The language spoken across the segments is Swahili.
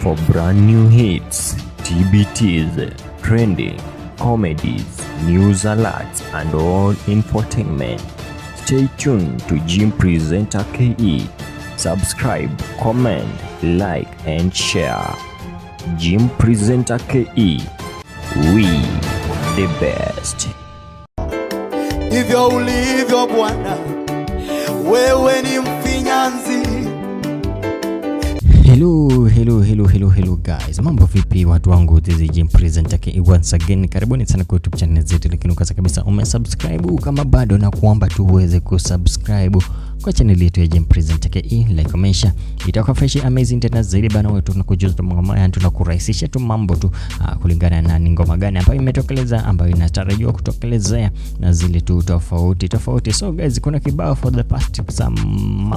For brand new hits, TBTs, trending, comedies, news alerts, and all infotainment, stay tuned to Jim Presenter KE. Subscribe, comment, like, and share. Jim Presenter KE. We the best. Hivyo ulivyo Bwana, wewe ni mfinyanzi. Hello Hello, hello, hello, hello guys. Mambo vipi watu wangu, this is Jim present ke once again. Karibuni sana kwa YouTube channel zetu, lakini ukaza kabisa umesubscribe kama bado na kuomba tu uweze kusubscribe kwa channel yetu ya Jim Present KE, like comment share, itakuwa fresh amazing tena zaidi bana. Wewe tunakujuza tu mambo haya, tunakurahisisha tu mambo tu ah, kulingana na ni ngoma gani ambayo imetokeleza ambayo inatarajiwa kutokelezea na zile tu tofauti tofauti. So guys, kuna kibao for the past some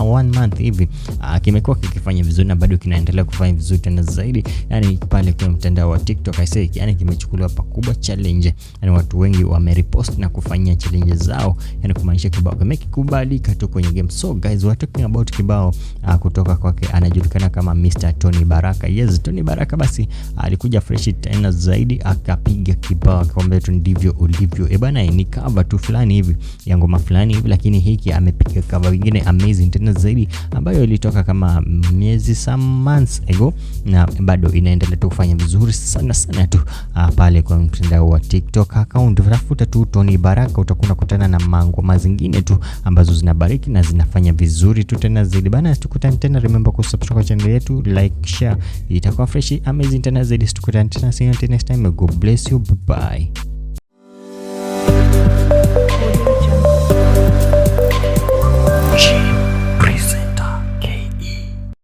one month hivi ah, kimekuwa kikifanya vizuri na bado kinaendelea kufanya vizuri tena zaidi, yani pale kwa mtandao wa TikTok I say, yani kimechukuliwa pakubwa challenge, yani watu wengi wamerepost na kufanyia challenge zao, yani kumaanisha kibao kimekubalika tu kwenye games So guys, we're talking about kibao uh, kutoka kwake anajulikana kama Mr. Tony Baraka. Yes, Tony Baraka basi uh, alikuja uh, fresh tena zaidi akapiga kibao akamwambia tu ndivyo ulivyo. E bana, ni cover tu fulani hivi ya ngoma fulani hivi, lakini hiki amepiga cover nyingine amazing tena zaidi ambayo ilitoka kama miezi some months ago na bado inaendelea tu kufanya vizuri sana sana tu uh, pale kwa mtandao wa TikTok account. Tafuta tu Tony Baraka utakuwa unakutana na mangoma zingine tu ambazo zinabariki na zina inafanya vizuri tu tena zaidi bana. Tukutane tena, remember subscribe kwa channel yetu, like, share, itakuwa fresh amazing tena zaidi. Tukutane tena, see you next time, God bless you, bye bye.